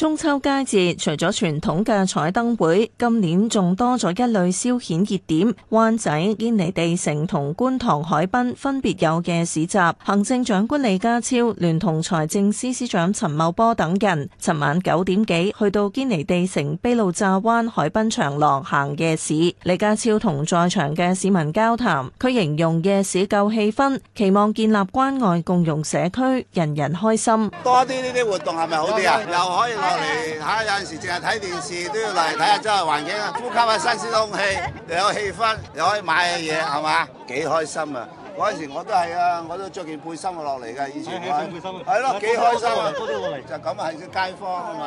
中秋佳節，除咗傳統嘅彩燈會，今年仲多咗一類消遣熱點。灣仔、堅尼地城同觀塘海濱分別有夜市集。行政長官李家超聯同財政司司長陳茂波等人，尋晚九點幾去到堅尼地城卑路乍灣海濱長廊行夜市。李家超同在場嘅市民交談，佢形容夜市夠氣氛，期望建立關愛共融社區，人人開心。多啲呢啲活動係咪好啲啊？又可以～嚟嚇，有陣時淨係睇電視都要嚟睇下周圍環境啊，呼吸下新鮮空氣，又有氣氛，又可以買下嘢，係嘛？幾開心啊！嗰陣時我都係啊，我都著件背心落嚟嘅，以前係咯幾開心啊！嗰啲我嚟就咁係啲街坊啊嘛，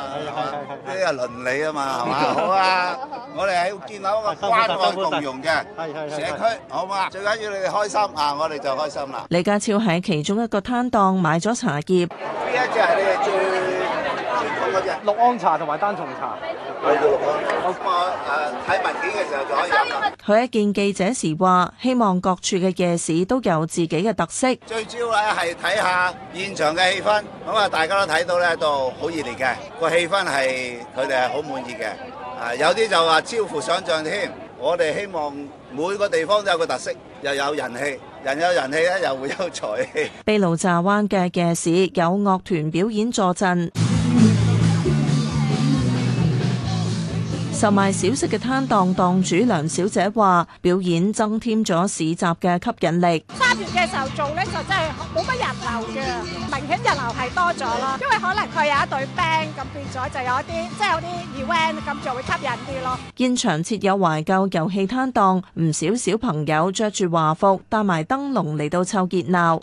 啲啊倫理啊嘛，係嘛？好啊！我哋係要建立一個關愛共融嘅社區，好嘛？最緊要你哋開心啊，我哋就開心啦。李家超喺其中一個攤檔買咗茶葉。呢一隻係最。六安茶同埋丹鳳茶，係叫六安。我我誒，睇文件嘅時候就係。佢喺見記者時話，希望各處嘅夜市都有自己嘅特色。最主要咧係睇下現場嘅氣氛，咁啊，大家都睇到咧，都好熱烈嘅，個氣氛係佢哋係好滿意嘅。啊，有啲就話超乎想象添。我哋希望每個地方都有個特色，又有人氣，人有人氣咧，又會有財氣。卑路乍灣嘅夜市有樂團表演助陣。售賣小食嘅攤檔檔主梁小姐話，表演增添咗市集嘅吸引力。三月嘅時候做咧就真係冇乜人流嘅，明顯人流係多咗咯，因為可能佢有一對 band 咁變咗，就有一啲即係有啲 event 咁就會吸引啲咯。現場設有懷舊遊戲攤檔，唔少小朋友著住華服，帶埋燈籠嚟到湊熱鬧。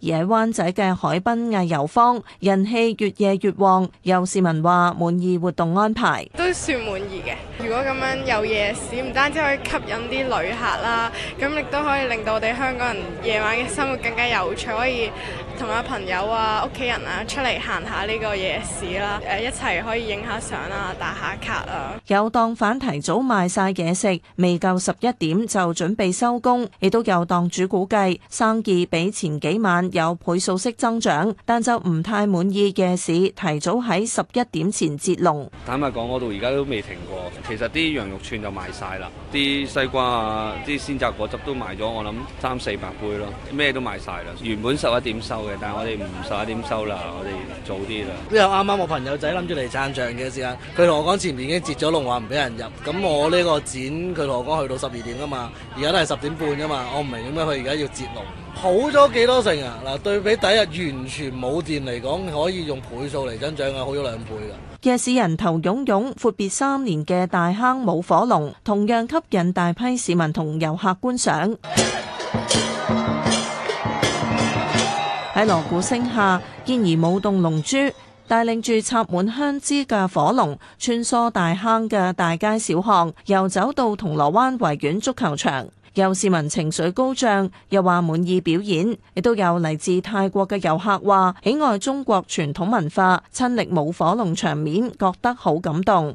野灣仔嘅海濱藝遊坊人氣越夜越旺，有市民話滿意活動安排。都算滿意嘅。如果咁樣有夜市，唔單止可以吸引啲旅客啦，咁亦都可以令到我哋香港人夜晚嘅生活更加有趣，可以同阿朋友啊、屋企人啊出嚟行下呢個夜市啦，誒一齊可以影下相啊、打下卡啊。有檔販提早賣晒嘢食，未夠十一點就準備收工，亦都有檔主估計生意比前幾晚有倍數式增長，但就唔太滿意夜市提早喺十一點前截龍。坦白講，我到而家都未停過。其實啲羊肉串就賣晒啦，啲西瓜啊，啲鮮榨果汁都賣咗，我諗三四百杯咯，咩都賣晒啦。原本十一點收嘅，但係我哋唔十一點收啦，我哋早啲啦。因為啱啱我朋友仔諗住嚟撐場嘅時間，佢同我講前面已經截咗龍，話唔俾人入。咁我呢個展佢同我講去到十二點噶嘛，而家都係十點半啫嘛，我唔明點解佢而家要截龍。好咗幾多成啊？嗱，對比第一日完全冇電嚟講，可以用倍數嚟增長嘅，好咗兩倍㗎。夜市人頭湧湧，闊別三年嘅大坑舞火龍同樣吸引大批市民同遊客觀賞。喺鑼鼓聲下，健兒舞動龍珠，帶領住插滿香枝嘅火龍穿梭大坑嘅大街小巷，遊走到銅鑼灣維園足球場。有市民情緒高漲，又話滿意表演，亦都有嚟自泰國嘅遊客話喜愛中國傳統文化，親歷舞火龍場面，覺得好感動。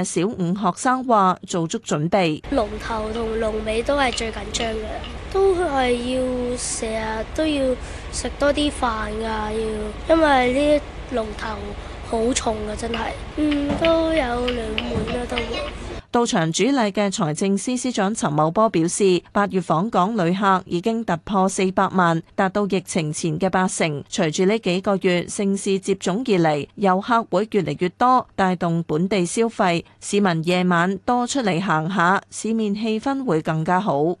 小五學生話：做足準備，龍頭同龍尾都係最緊張嘅，都係要成日都要食多啲飯㗎，要因為呢龍頭好重㗎，真係，嗯，都有兩碗啦都會。到場主禮嘅財政司司長陳茂波表示，八月訪港旅客已經突破四百萬，達到疫情前嘅八成。隨住呢幾個月盛事接踵而嚟，遊客會越嚟越多，帶動本地消費，市民夜晚多出嚟行下，市面氣氛會更加好。